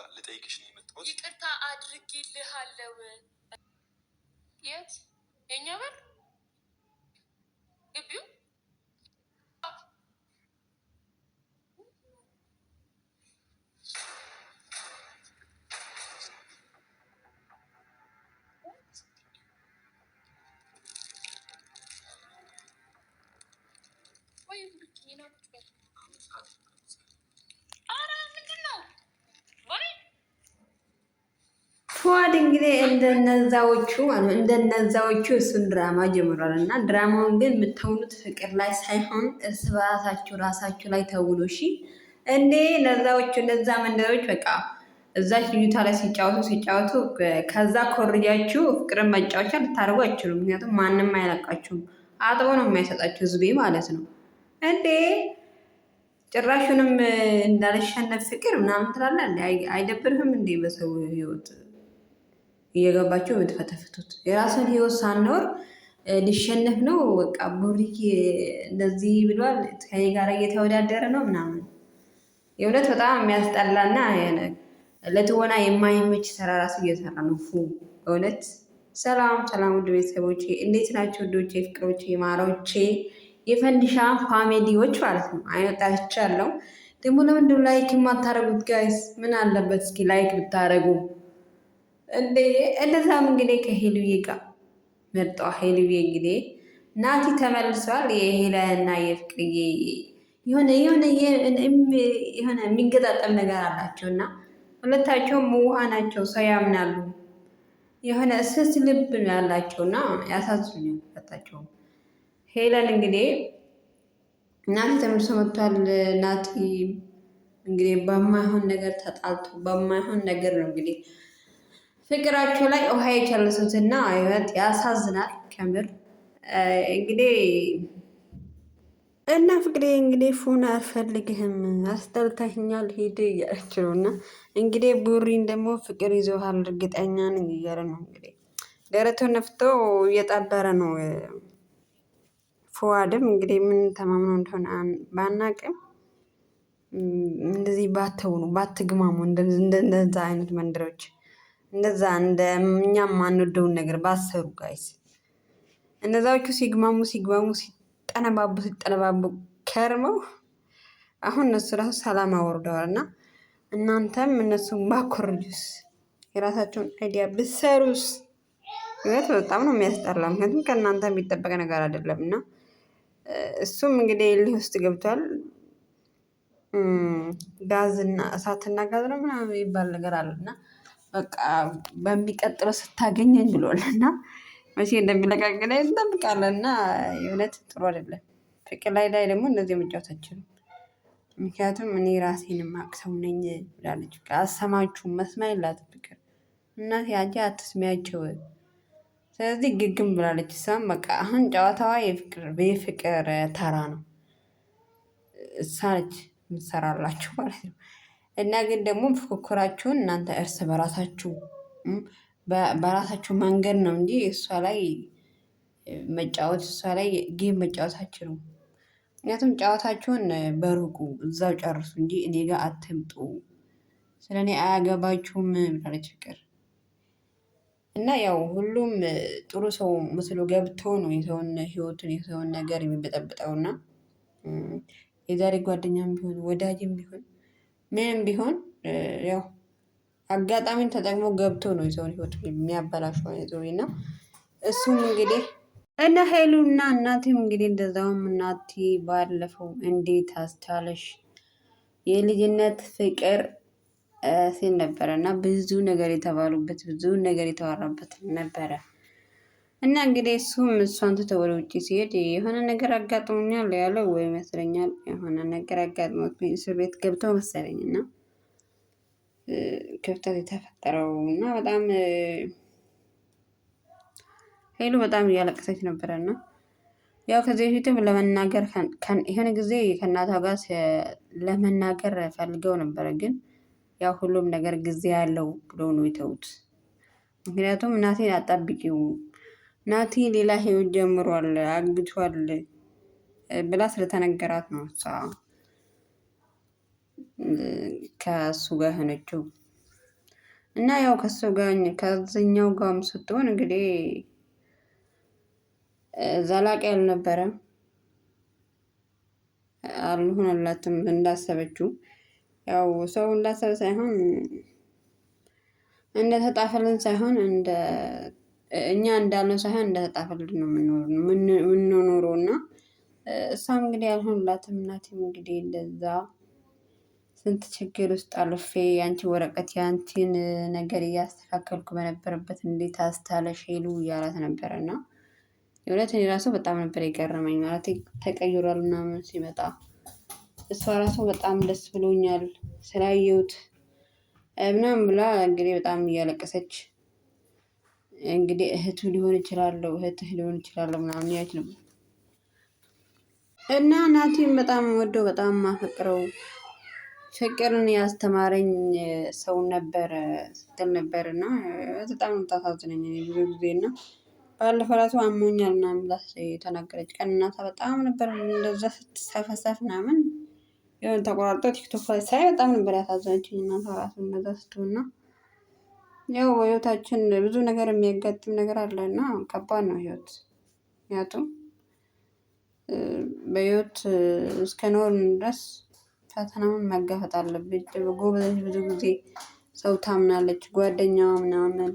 ይቅርታ ልጠይቅሽ ነው የመጣሁት። ይቅርታ አድርጌልሃለሁ። የት? የእኛ በር ግቢው ወይም ፉአድ እንግዲህ እንደነዛዎቹ እንደነዛዎቹ እሱን ድራማ ጀምሯል እና ድራማውን ግን የምተውኑት ፍቅር ላይ ሳይሆን እርስ በራሳችሁ ራሳችሁ ላይ ተውሎ ሺ እንዴ ነዛዎቹ እነዛ መንደሮች በቃ እዛች ልዩታ ላይ ሲጫወቱ ሲጫወቱ ከዛ ኮርጃችሁ ፍቅርን መጫወቻ ልታደርጉ አይችሉም። ምክንያቱም ማንም አይለቃችሁም፣ አጥቦ ነው የማይሰጣችሁ ህዝቤ ማለት ነው። እንዴ ጭራሹንም እንዳልሸነፍ ፍቅር ምናምን ትላለ። አይደብርህም እንዴ በሰው ህይወት እየገባችሁ የምትፈተፍቱት የራስን ህይወት ሳንኖር ሊሸነፍ ነው። በቃ ቡሪክ እንደዚህ ብሏል፣ ከኔ ጋር እየተወዳደረ ነው ምናምን። የእውነት በጣም የሚያስጠላና ለትወና የማይመች ስራ ራሱ እየሰራ ነው። ፉ እውነት። ሰላም ሰላም፣ ውድ ቤተሰቦቼ እንዴት ናቸው? ውዶቼ፣ ፍቅሮቼ፣ ማሮቼ የፈንዲሻ ፋሚሊዎች ማለት ነው። አይወጣቻ አለው ደግሞ ለምንድን ላይክ የማታደርጉት ጋይስ? ምን አለበት እስኪ ላይክ ብታደረጉ? እንደዛም እንግዲህ ከሄሉዬ ጋር መርጧ። ሄሉዬ እንግዲህ ናቲ ተመልሷል። የሄለና የፍቅርዬ የሆነ የሆነ የሆነ የሚገጣጠም ነገር አላቸው እና ሁለታቸውም ውሃ ናቸው። ሰው ያምናሉ። የሆነ ስስ ልብ ያላቸውና ያሳዝኑኛል ፈታቸው። ሄለን እንግዲህ ናቲ ተመልሶ መጥቷል። ናቲ እንግዲህ በማይሆን ነገር ተጣልቶ በማይሆን ነገር ነው እንግዲህ ፍቅራቸው ላይ ውሃ የጨለሱትና ህይወት ያሳዝናል። ከምር እንግዲህ እና ፍቅሬ እንግዲህ ፉን አልፈልግህም፣ አስጠልታኛል፣ ሂድ እያለች ነው። እና እንግዲህ ቡሪን ደግሞ ፍቅር ይዞሃል እርግጠኛ ነኝ እያለ ነው። እንግዲህ ደረቶ ነፍቶ እየጣበረ ነው። ፉዋድም እንግዲህ ምን ተማምኖ እንደሆነ ባናቅም እንደዚህ ባተውኑ ባትግማሙ እንደዛ አይነት መንደሮች እንደዛ እንደ እኛ የማንወደውን ነገር ባሰሩ ጋይስ እነዛዎቹ ሲግማሙ ሲግማሙ ሲጠነባቡ ሲጠነባቡ ከርመው አሁን እነሱ ራሱ ሰላም አወርደዋል። እና እናንተም እነሱን ባኮርጁስ የራሳቸውን አይዲያ ብሰሩስ ህይወት በጣም ነው የሚያስጠላ። ምክንያቱም ከእናንተ የሚጠበቅ ነገር አይደለም እና እሱም እንግዲህ እልህ ውስጥ ገብቷል። ጋዝና እሳትና ጋዝ ነው ምናምን የሚባል ነገር አለ እና በቃ በሚቀጥለው ስታገኘኝ ብሏል እና መቼ እንደሚለቃቅ ላይ እንጠብቃለን። እና የእውነት ጥሩ አይደለም። ፍቅር ላይ ላይ ደግሞ እነዚህ መጫወታችን ምክንያቱም እኔ ራሴን ማቅሰው ነኝ ብላለች። አሰማችሁ መስማ የላትም ፍቅር እና ያጃ አትስሚያቸው። ስለዚህ ግግም ብላለች። እሷም በቃ አሁን ጨዋታዋ የፍቅር ተራ ነው። እሳች የምትሰራላችሁ ማለት ነው። እና ግን ደግሞ ፉክክራችሁን እናንተ እርስ በራሳችሁ በራሳችሁ መንገድ ነው እንጂ እሷ ላይ መጫወት እሷ ላይ ጌም መጫወታችሁ ነው። ምክንያቱም ጨዋታችሁን በሩቁ እዛው ጨርሱ እንጂ እኔ ጋር አትምጡ፣ ስለ እኔ አያገባችሁም ብላለች ፍቅር እና ያው ሁሉም ጥሩ ሰው ምስሉ ገብተው ነው የሰውን ህይወቱን የሰውን ነገር የሚበጠብጠውና የዛሬ ጓደኛም ቢሆን ወዳጅም ቢሆን ምንም ቢሆን ያው አጋጣሚን ተጠቅሞ ገብቶ ነው የሰውን ህይወት የሚያበላሸው አይነት ነው እሱም እንግዲህ እነ ሄሉና እናቴም እንግዲህ እንደዛውም እናቴ ባለፈው እንዴት አስቻለሽ የልጅነት ፍቅር ሲል ነበረ እና ብዙ ነገር የተባሉበት ብዙ ነገር የተዋራበት ነበረ። እና እንግዲህ እሱም እሷን ትቶ ወደ ውጭ ሲሄድ የሆነ ነገር አጋጥሞኛል ያለው ወይ ይመስለኛል። የሆነ ነገር አጋጥሞት እስር ቤት ገብቶ መሰለኝ እና ክፍተት የተፈጠረው እና በጣም ሄሉ በጣም እያለቀሰች ነበረ እና ያው ከዚህ በፊትም ለመናገር የሆነ ጊዜ ከእናቷ ጋር ለመናገር ፈልገው ነበረ፣ ግን ያው ሁሉም ነገር ጊዜ ያለው ብሎ ነው የተውት። ምክንያቱም እናቴን አጣብቂው ናቲ ሌላ ህይወት ጀምሯል አግብቷል ብላ ስለተነገራት ነው እሷ ከሱ ጋር ሆነችው እና ያው ከሱ ጋር ከዚኛው ጋርም ስትሆን እንግዲህ ዘላቂ አልነበረም፣ አልሆነላትም እንዳሰበችው። ያው ሰው እንዳሰበ ሳይሆን እንደተጣፈልን ሳይሆን እንደ እኛ እንዳለው ሳይሆን እንደተጣፈልን ነው የምንኖረው። እና እሷም እንግዲህ አልሆንላትም። እናቴም እንግዲህ እንደዛ ስንት ችግር ውስጥ አልፌ የአንቺ ወረቀት የአንቺን ነገር እያስተካከልኩ በነበረበት እንዴት አስታለሽ ሄሉ እያላት ነበረ እና የእውነት እኔ ራሱ በጣም ነበር የገረመኝ። ማለት ተቀይሯል ምናምን ሲመጣ እሷ ራሱ በጣም ደስ ብሎኛል ስላየሁት ምናምን ብላ እንግዲህ በጣም እያለቀሰች እንግዲህ እህቱ ሊሆን ይችላለሁ እህትህ ሊሆን ይችላለሁ ምናምን ያች ነው እና ናቲም በጣም ወደው በጣም ማፈቅረው ፍቅርን ያስተማረኝ ሰው ነበረ ስትል ነበር እና በጣም ታሳዝነኝ ብዙ ጊዜ እና ባለፈው ራሱ አሞኛል ምናምን ብላ የተናገረች ቀን እናታ በጣም ነበር እንደዛ ስትሰፈሰፍ ምናምን የሆነ ተቆራርጦ ቲክቶክ ላይ ሳይ በጣም ነበር ያሳዘነችኝ እናቷ ራሱ እንደዛ ስትሆን እና ያው በህይወታችን ብዙ ነገር የሚያጋጥም ነገር አለ እና ከባድ ነው ህይወት። ምክንያቱም በህይወት እስከኖርን ድረስ ፈተናውን መጋፈጥ አለብን። ጎበዝ ብዙ ጊዜ ሰው ታምናለች ጓደኛዋ ምናምን